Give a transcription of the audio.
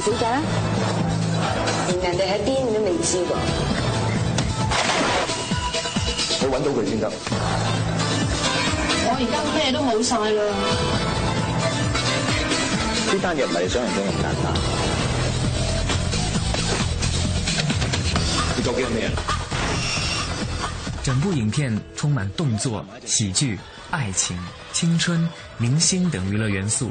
小姐，人哋喺邊都未知喎，我揾到佢先得。我而家咩都冇晒啦。呢單嘢唔係你想像咁簡單。你究竟係咩？整部影片充滿動作、喜劇、愛情、青春、明星等娛樂元素。